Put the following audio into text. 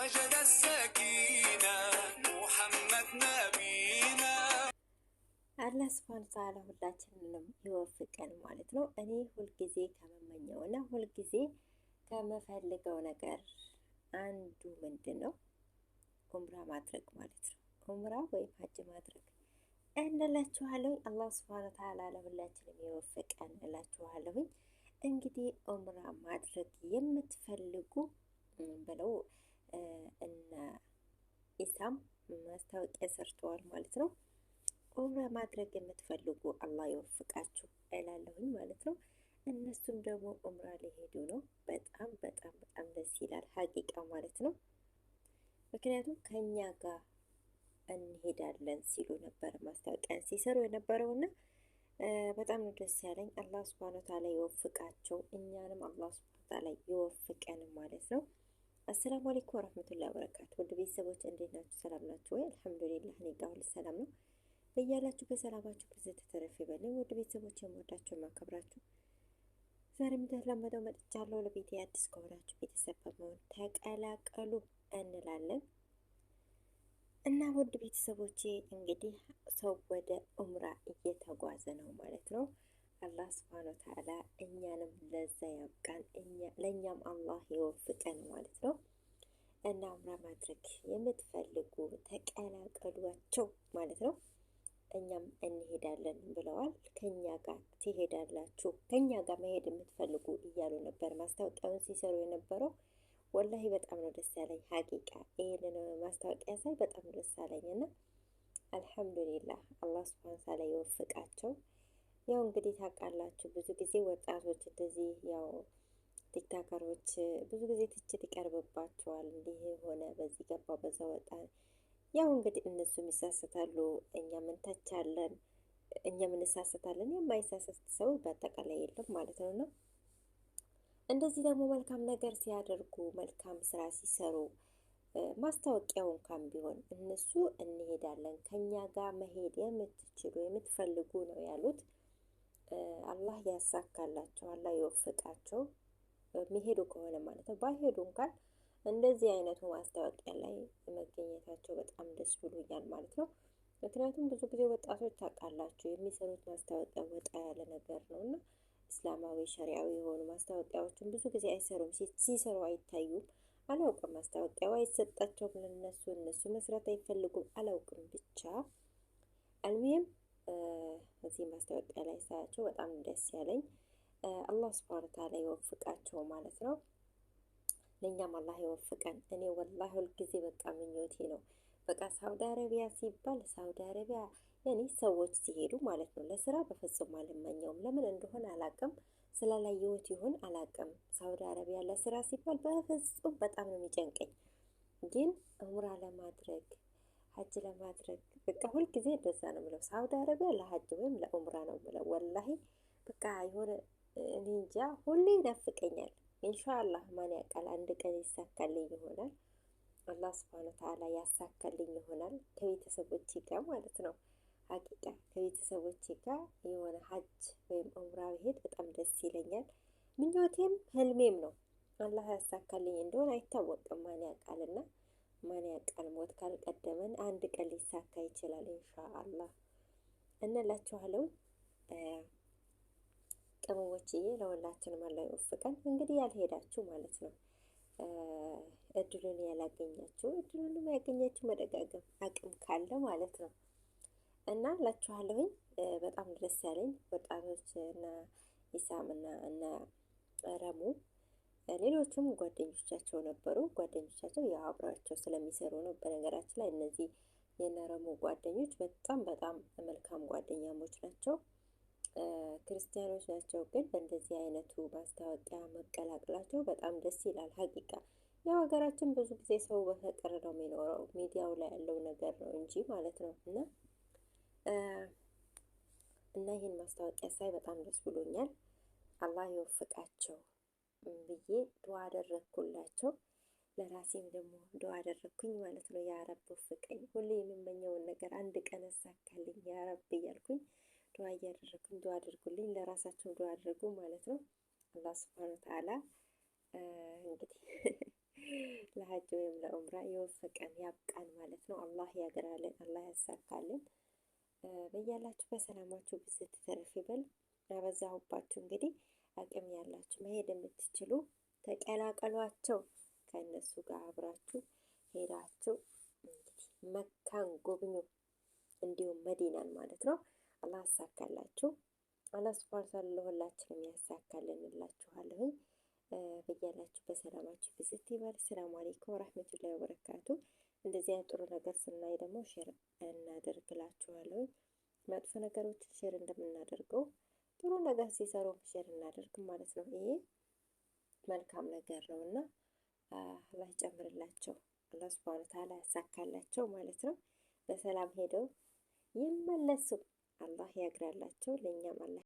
وجد السكينة محمد ነቢና አላህ ስብሃነ ተዓላ ሁላችንንም ይወፍቀን ማለት ነው። እኔ ሁልጊዜ ከመመኘውና ሁልጊዜ ከምፈልገው ነገር አንዱ ምንድን ነው? ኡምራ ማድረግ ማለት ነው። ኡምራ ወይም ሀጅ ማድረግ እንላችኋለሁ። አላህ ስብሃነ ተዓላ ለሁላችንም ይወፍቀን እላችኋለሁኝ። እንግዲህ ኡምራ ማድረግ የምትፈልጉ ብለው እና ኢሳም ማስታወቂያ ሰርተዋል ማለት ነው። ኡምራ ማድረግ የምትፈልጉ አላህ ይወፍቃችሁ እላለሁኝ ማለት ነው። እነሱም ደግሞ ኡምራ ሊሄዱ ነው። በጣም በጣም በጣም ደስ ይላል ሀቂቃ ማለት ነው። ምክንያቱም ከኛ ጋር እንሄዳለን ሲሉ ነበር ማስታወቂያን ሲሰሩ የነበረውና በጣም ነው ደስ ያለኝ። አላህ ስብሃነ ወተዓላ ይወፍቃቸው፣ እኛንም አላህ ስብሃነ ወተዓላ ይወፍቀን ማለት ነው። አሰላሙ አለይኩም ወረህመቱላሂ ወበረካቱ ውድ ቤተሰቦች እንዴት ናችሁ? ሰላም ናችሁ ወይ? አልሐምዱሊላህ እኔ ጋር ሁሉ ሰላም ነው። በያላችሁ በሰላማችሁ ብዙ ተተረፍ ይበለኝ። ውድ ቤተሰቦች የምወዳችሁ የማከብራችሁ፣ ዛሬም እንደተለመደው መጥቻለሁ። ለቤቴ አዲስ ከሆናችሁ ቤተሰብ በመሆን ተቀላቀሉ እንላለን እና ውድ ቤተሰቦቼ እንግዲህ ሰው ወደ ኡምራ እየተጓዘ ነው ማለት ነው አላህ ስብሃነ ወተዓላ እኛንም ለዛ ያብቃን፣ ለእኛም አላህ ይወፍቀን ማለት ነው። እናም ለማድረግ የምትፈልጉ ተቀላቀሏቸው ማለት ነው። እኛም እንሄዳለን ብለዋል። ከኛ ጋር ትሄዳላችሁ፣ ከኛ ጋር መሄድ የምትፈልጉ እያሉ ነበር ማስታወቂያውን ሲሰሩ የነበረው። ወላሂ በጣም ነው ደስ ያለኝ ሀቂቃ። ይህንን ማስታወቂያ ሳይ በጣም ደስ ያለኝ እና አልሐምዱሊላህ አላህ ስብሃነ ወተዓላ ይወፍቃቸው። ያው እንግዲህ ታውቃላችሁ ብዙ ጊዜ ወጣቶች እንደዚህ ያው ቲክታከሮች ብዙ ጊዜ ትችት ይቀርብባቸዋል። እንዲህ ሆነ፣ በዚህ ገባ፣ በዛ ወጣ። ያው እንግዲህ እነሱም ይሳሰታሉ፣ እኛም እንተቻለን፣ እኛም እንሳሰታለን። የማይሳሰት ሰው በአጠቃላይ የለም ማለት ነው ነው እንደዚህ ደግሞ መልካም ነገር ሲያደርጉ መልካም ስራ ሲሰሩ ማስታወቂያው እንኳን ቢሆን እነሱ እንሄዳለን ከኛ ጋር መሄድ የምትችሉ የምትፈልጉ ነው ያሉት። አላህ ያሳካላቸው፣ አላህ ይወፍቃቸው። የሚሄዱ ከሆነ ማለት ነው። ባይሄዱ እንኳን እንደዚህ አይነቱ ማስታወቂያ ላይ መገኘታቸው በጣም ደስ ብሎኛል ማለት ነው። ምክንያቱም ብዙ ጊዜ ወጣቶች ታውቃላችሁ የሚሰሩት ማስታወቂያ ወጣ ያለ ነገር ነው እና እስላማዊ ሸሪያዊ የሆኑ ማስታወቂያዎችን ብዙ ጊዜ አይሰሩም። ሲሰሩ አይታዩም። አላውቅም፣ ማስታወቂያው አይሰጣቸውም ለነሱ እነሱ መስራት አይፈልጉም። አላውቅም ብቻ አልሚም እዚህ ማስታወቂያ ላይ ሳያቸው በጣም ደስ ያለኝ አላህ ስብሃነ ተዓላ ይወፍቃቸው ማለት ነው። ለእኛም አላህ ይወፍቀን። እኔ ወላሂ ሁልጊዜ በቃ ምኞቴ ነው። በቃ ሳውዲ አረቢያ ሲባል ሳውዲ አረቢያ ያኔ ሰዎች ሲሄዱ ማለት ነው ለስራ በፍጹም አልመኘውም። ለምን እንደሆነ አላቅም፣ ስላላየሁት ይሁን አላቅም። ሳውዲ አረቢያ ለስራ ሲባል በፍጹም በጣም ነው የሚጨንቀኝ። ግን እምራ ለማድረግ ሀጅ ለማድረግ በቃ ሁልጊዜ እንደዛ ነው ምለው። ሳውዲ አረቢያ ለሀጅ ወይም ለኡምራ ነው ምለው። ወላሂ በቃ የሆነ እኔ እንጃ ሁሌ ይናፍቀኛል። ኢንሻአላህ ማን ያውቃል አንድ ቀን ይሳካልኝ ይሆናል። አላህ ስብሃነ ወተዓላ ያሳካልኝ ይሆናል ከቤተሰቦች ጋር ማለት ነው። ሀቂቃ ከቤተሰቦች ጋር የሆነ ሀጅ ወይም ኡምራ ብሄድ በጣም ደስ ይለኛል። ምኞቴም ህልሜም ነው። አላህ ያሳካልኝ እንደሆነ አይታወቅም። ማን ያውቃልና ማን ያውቃል? ሞት ካልቀደመን አንድ ቀን ሊሳካ ይችላል ኢንሻአላህ እንላችኋለው። ቅመሞችዬ ለሁላችንም አላህ ይወፍቀን። እንግዲህ ያልሄዳችሁ ማለት ነው እድሉን ያላገኛችሁ እድሉን ያገኛችሁ መደጋገም አቅም ካለ ማለት ነው እና እላችኋለሁኝ። በጣም ደስ ያለኝ ወጣቶች እና ኢሳም እና እነ ረሙ ሌሎቹም ጓደኞቻቸው ነበሩ። ጓደኞቻቸው ያው ስለሚሰሩ ነው። በነገራችን ላይ እነዚህ የነረሙ ጓደኞች በጣም በጣም መልካም ጓደኛሞች ናቸው። ክርስቲያኖች ናቸው። ግን በእንደዚህ አይነቱ ማስታወቂያ መቀላቀላቸው በጣም ደስ ይላል። ሀቂቃ ያው ሀገራችን ብዙ ጊዜ ሰው በፍቅር ነው የሚኖረው፣ ሚዲያው ላይ ያለው ነገር ነው እንጂ ማለት ነው እና እና ይህን ማስታወቂያ ሳይ በጣም ደስ ብሎኛል። አላህ ይወፍቃቸው። ብዬ ድዋ አደረግኩላቸው። ለራሴም ደግሞ ድዋ አደረግኩኝ ማለት ነው። ያረብ ፍቀኝ፣ ሁሌ የምመኘውን ነገር አንድ ቀን አሳካልኝ ያረብ እያልኩኝ ድዋ እያደረግኩኝ ድዋ አድርጉልኝ፣ ለራሳቸው ድዋ አድርጉ ማለት ነው። አላህ ስብሃነ ወተዓላ እንግዲህ ለሀጅ ወይም ለኡምራ የወፈቀን ያብቃን ማለት ነው። አላህ ያግራለን፣ አላህ ያሳካልን። በያላችሁ በሰላማችሁ ብዝት ተረፍ ይበል። ያበዛሁባችሁ እንግዲህ አቅም ያላችሁ መሄድ የምትችሉ ተቀላቀሏቸው። ከእነሱ ጋር አብራችሁ ሄዳችሁ እንግዲህ መካን ጎብኙ፣ እንዲሁም መዲናን ማለት ነው። አላህ አሳካላችሁ። አላህ ሱብሃነ ወተዓላ ለሁላችንም ያሳካልን እላችኋለሁኝ። በያላችሁ በሰላማችሁ ብዝት ይበል። ሰላም አለይኩም ወራህመቱላሂ ወበረካቱ። እንደዚህ አይነት ጥሩ ነገር ስናይ ደግሞ ሼር እናደርግላችኋለሁ። መጥፎ ነገሮችን ሼር እንደምናደርገው ጥሩ ነገር ሲሰሩ ሼር እናደርግ ማለት ነው። ይሄ መልካም ነገር ነው እና አላህ ይጨምርላቸው፣ አላህ ሱብሃነ ወተዓላ ያሳካላቸው ማለት ነው። በሰላም ሄደው ይመለሱ፣ አላህ ያግራላቸው። ለእኛም አላህ